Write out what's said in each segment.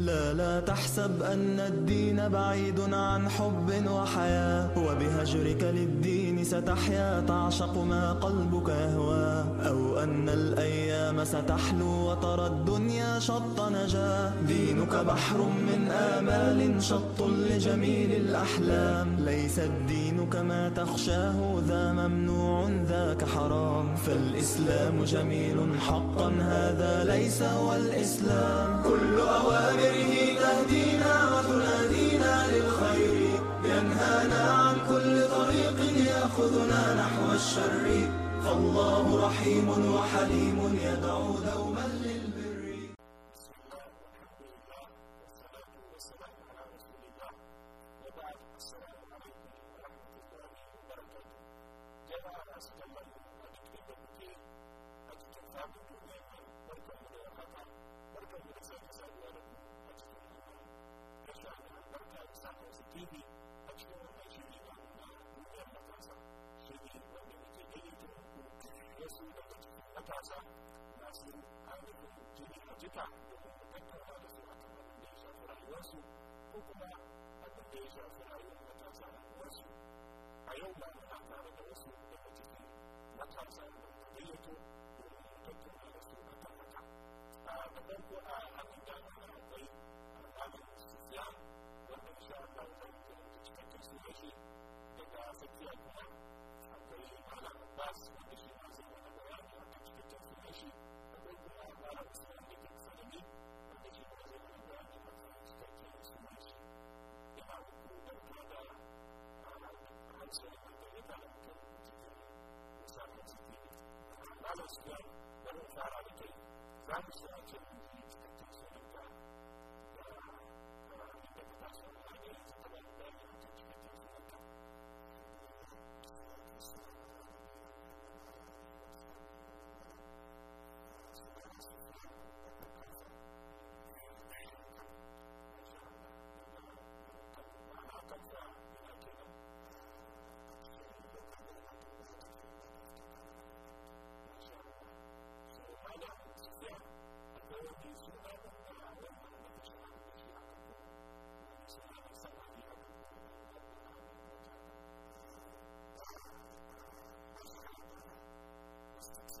لا لا تحسب أن الدين بعيد عن حب وحياة وبهجرك للدين ستحيا تعشق ما قلبك يهوى أو أن الأيام ستحلو وترى الدنيا شط نجاة دينك بحر من آمال شط لجميل الأحلام ليس الدين كما تخشاه ذا ممنوع ذاك حرام فالإسلام جميل حقا هذا ليس هو الإسلام كل أوامر خيره تهدينا وتنادينا للخير ينهانا عن كل طريق يأخذنا نحو الشر فالله رحيم وحليم يدعو دورا Carlos Young, Reverend Fat Abigail, Ramsey Abigail, たち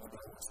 благодарности.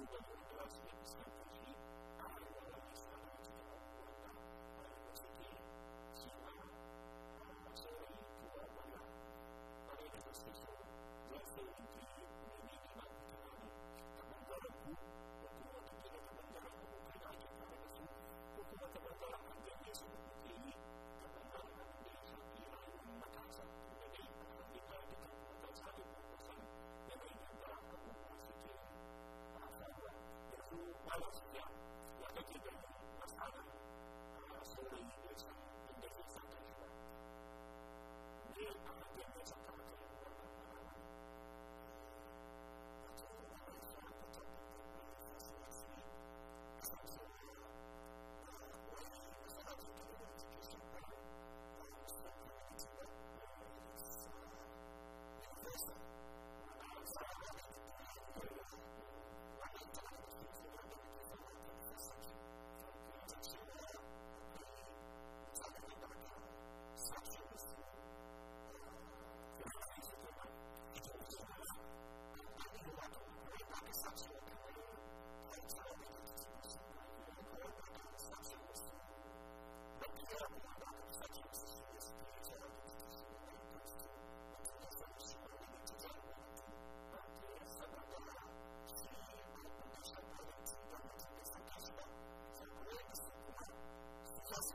the Andalucía, la que tiene basada sobre la iglesia en vez de Santa Isla. De la tienda de Santa María. Thank you. just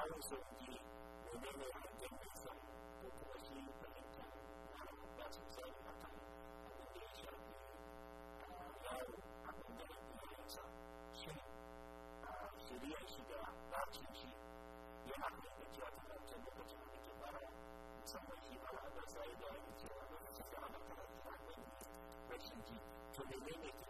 还有就是，我们那个讲的是，不管是你判断，还是说在哪个地方，还有我们的那个什么，呃，系列的这个杂志，也慢慢的就让大家整个社会就慢慢上升起来，把那个一些个一些个那些个负面的东西，从那里面。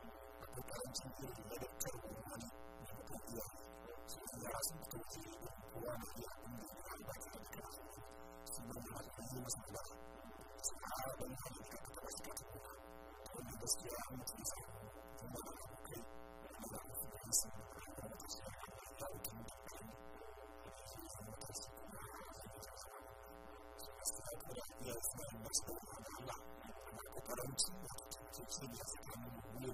Thank you. to be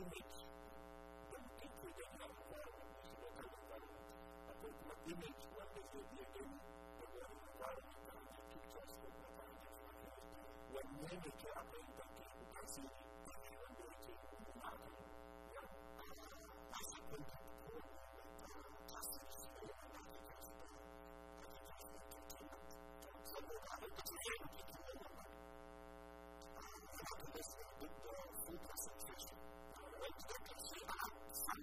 image. Don't think you don't have a environment, you should have an environment. I think my image, what does it mean in the world environment? I mean, the pictures of the environment from my head. When men are traveling, they can see the human beauty in the mountain. I think that the world just to see the human beauty. I think that's the entertainment. So, I think that's the entertainment. I think that's the food process.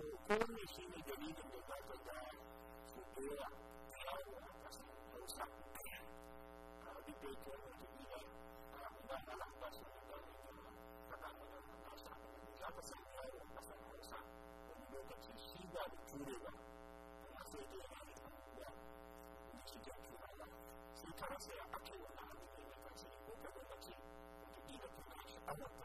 kowane shi ne dalilin da za ta ga su dora yawo a ƙasar hausa ɗaya a duk da yake wani jami'a a ba ala ba su da dama da faɗa mana hausa za ka san yawo a ƙasar hausa wani lokaci shi ba da ture ba amma sai dai ya yi abubuwa da shi da turawa sai ka rasa ya ake wani abu ne na ƙarshe ko ka lokaci wata ƙila tana sha'awar ta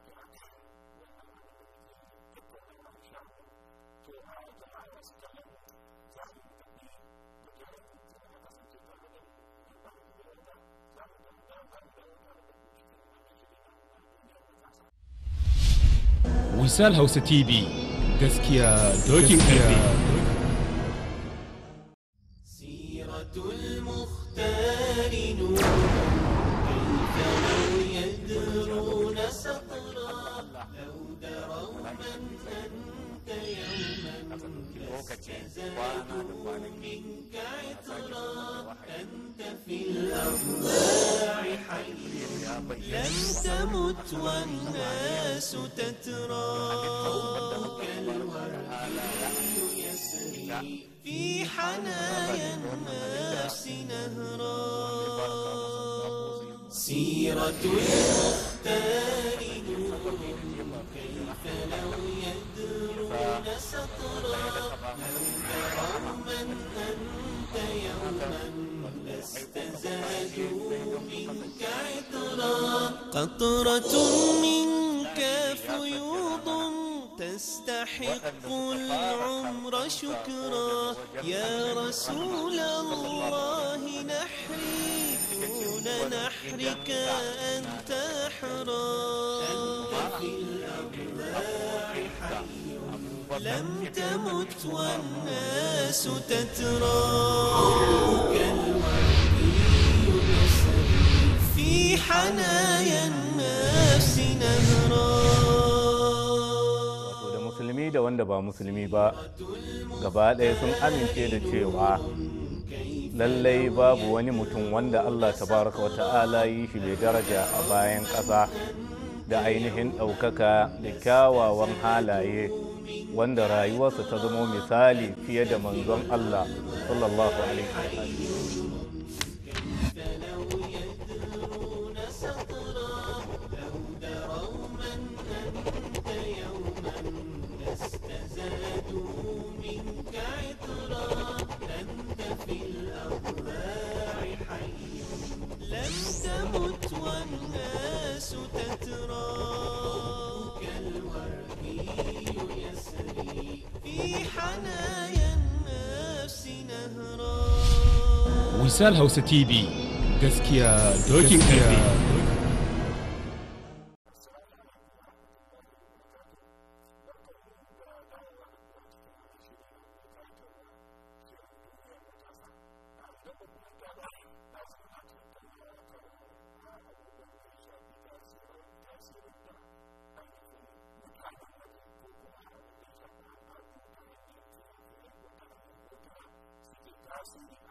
misal hausa tv gaskiya dokin karfe جزاء منك عطرا أنت في الأوضاع حي لم تمت والناس تتراك الورد يسري في حنايا الناس نهرا سيرة يا قطرة منك فيوض تستحق العمر شكرا يا رسول الله نحري دون نحرك أنت حرا أنت في حي لم تمت والناس تترى حنايا النفس musulmi da wanda ba musulmi ba gaba ɗaya sun amince da cewa lallai babu wani mutum wanda Allah tabaraka wata'ala yi shi mai daraja a bayan ƙasa da ainihin ɗaukaka da kyawawan halaye wanda rayuwarsa ta zama misali fiye da manzon Allah sallallahu alaihi wisal hausa tv gaskiya dokin karfe Thank you.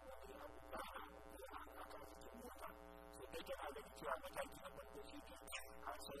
けないで、うちのことに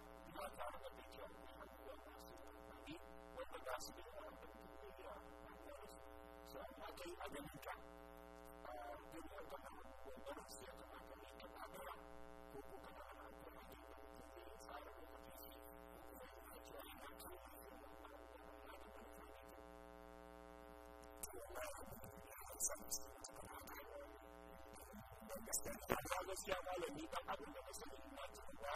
baca berbicara dengan dua nasihat tadi berbagai dengan dunia harus selagi ada nikah dunia dengan berbagai dengan dunia ada hubungan anak lagi menjadi salah menjadi menjadi macam Dan gaskiya malami dan abin da masani na cikin da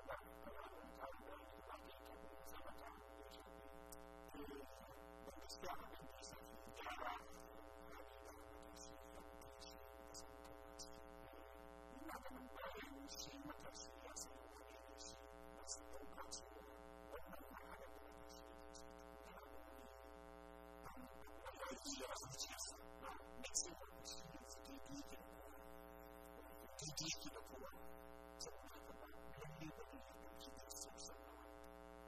какие различия мотивы усиливаются переклики на поле, переклики на поле, целого любимого собственного.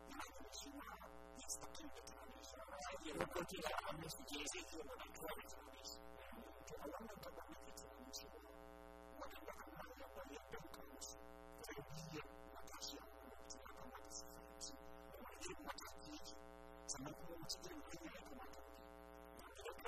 И она начала из такими транжирами, и воплотила радость действий, и она отправила радость. Когда она добавила ничего, вот она она была белкаус, другие Наташа, она была автоматически, она была автоматически, сама была теперь моя автоматика.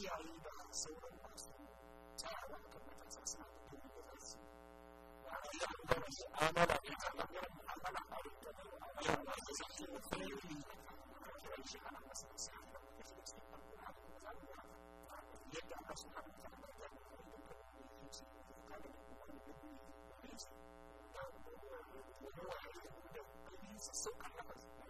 chi arriva sempre al posto. Ciao, guarda che mi faccio sempre più di questo. Guarda, io non lo so, amo la vita, ma io amo la vita, io non lo so, io non so, io non so, io non so, io non so, io non so, io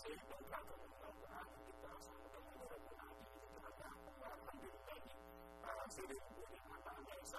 sehingga kalau mudah-mudahan kita semoga mudah-mudahan kita kembali menjadi sering akan biasa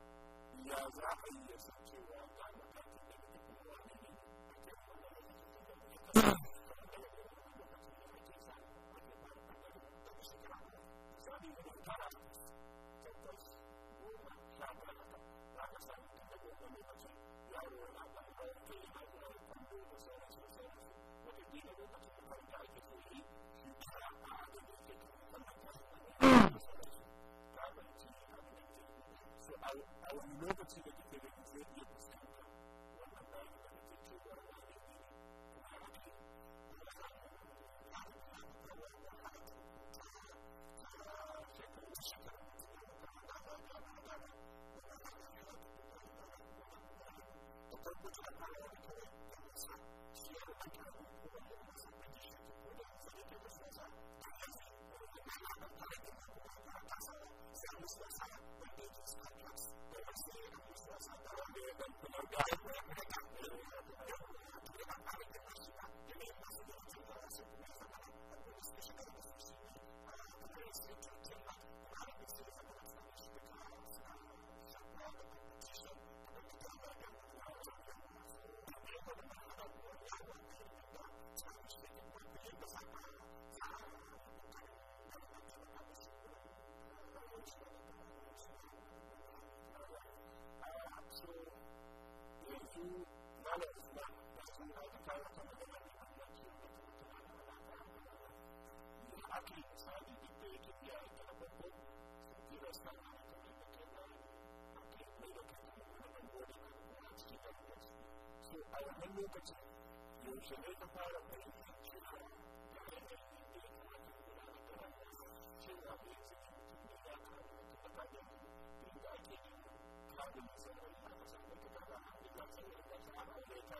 也拉黑也删除。a, a la nueva Chile que tiene que ser bien presente, la verdad es que tiene que ser la Thank you. Thank you. olha, você não vai ficar na sua vida, aqui, sabe, de ter que guiar pela boca, sentir essa área também daquela, aquele meio que tem uma memória, uma atividade, que o pai não nunca tinha. E eu cheguei no pai, eu falei, tira, eu falei, eu falei, eu falei, tira a vez, eu falei, tira a vez, eu falei, tira a vez, eu falei, tira a vez, eu falei,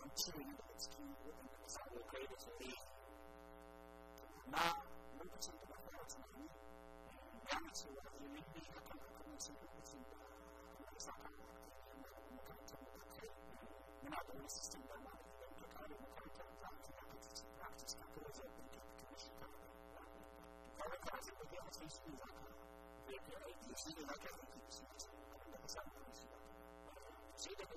continuing those to because I will pray this way. Not lucrăcând după să mea, Mamățul a venit de acolo, acolo sunt lucrăcând de lăsa pe mă, mă căutăm de pe Mâna Domnului să stângă mare, pentru care mă căutăm de alții, dacă ți practici, ca călăză, pentru că nu și care care care se putea să știu dacă vechi ai deși de la care trebuie să știu, dacă să să să să să să nu știu. Și de pe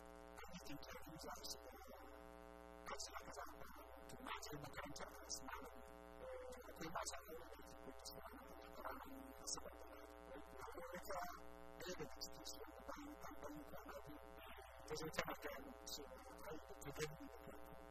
在民间的这个爱情啊，这个东西，我们讲的不是爱情，而是这个对爱情的这种一种向往和渴望。所以说，这个东西是不能谈的，这是谈不上的。所以说，这个东西是不能谈的，这是谈不上的。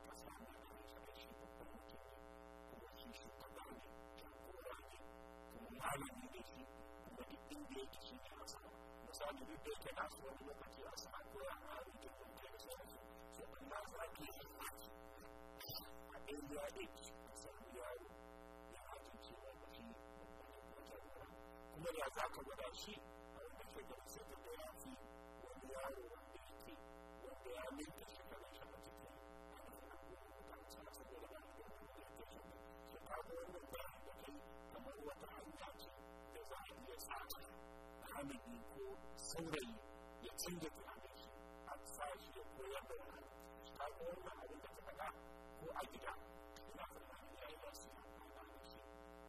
wanda bai kai kana wani lokaci a sa ko ya ma rike ko kai su so amma za ki yi fati a area eight a samu yaro ya aje cewa ba shi kuma ya za ka gwada shi a wanda wani yaro wanda yake baligi ko saurayi ya canza tunanin shi a sa shi ya koyar da wani ta ga wannan abin da ta faɗa ko a gida ina tsammanin ya yi wasu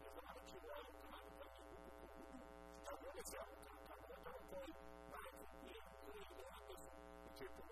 ya faɗa da shi ya zama cewa ya kuma da wani sai a mutum ta ga wata kawai ba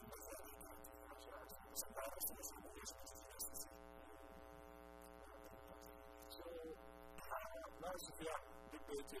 So, how, now, Sophia, big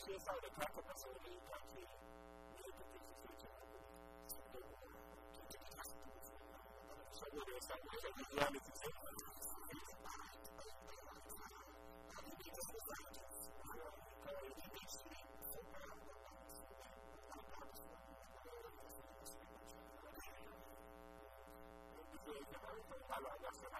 shi yasa da ta taɓa sau da ita ce ne ta ce su ce cin saboda ya samu yadda ta zuwa da sosai Thank you.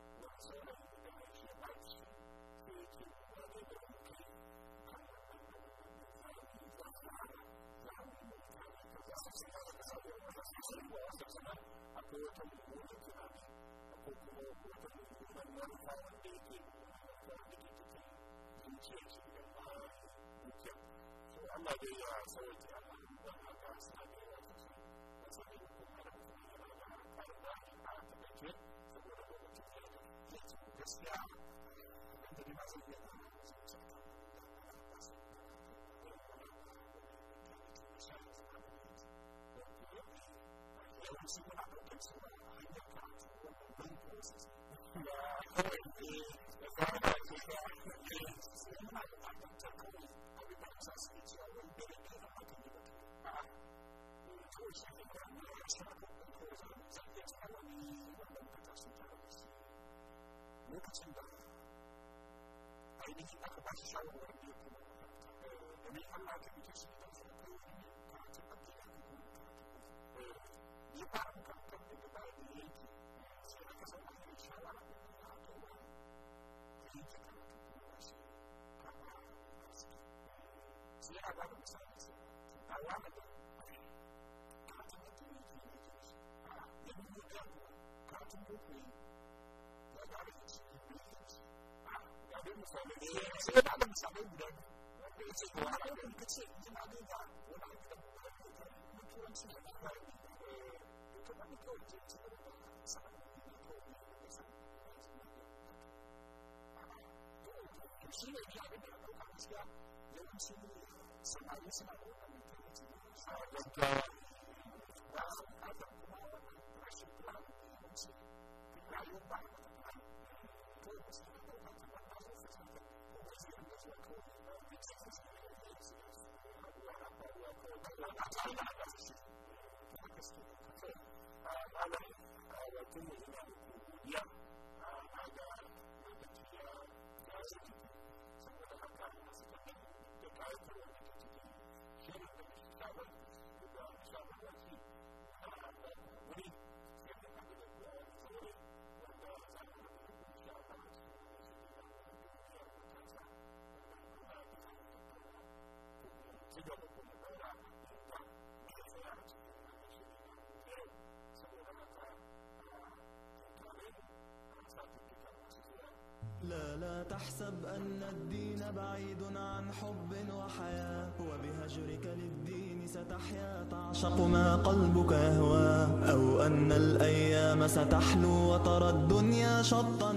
simbolica, sana, ako wata mummunan tunani, a sumber nah ini kita kembali selalu dia punya demikian lagi itu kita selalu cepat tidak dia paham kalau kita kembali ini sehingga kesempatan syarat itu aturan jadi kita masih apa sehingga ada misalnya kita lama itu kalau kita ini ini ini ini ini ini ini ini ini 别不说你，你把他们想的五年，我这个制度啊，因为你的制度已经拿了一档，我拿这个五档，他们突然七年了，你突然你给我减，是不是？你突然给你减，是不是？啊？对，你七年，你拿这个五档，你减，你减十年，十年你拿五档，你减十年，十年你拿五档，你减十年，十年你拿五档。ada ada ada تحسب أن الدين بعيد عن حب وحياة وبهجرك للدين ستحيا تعشق ما قلبك يهوى أو أن الأيام ستحلو وترى الدنيا شطا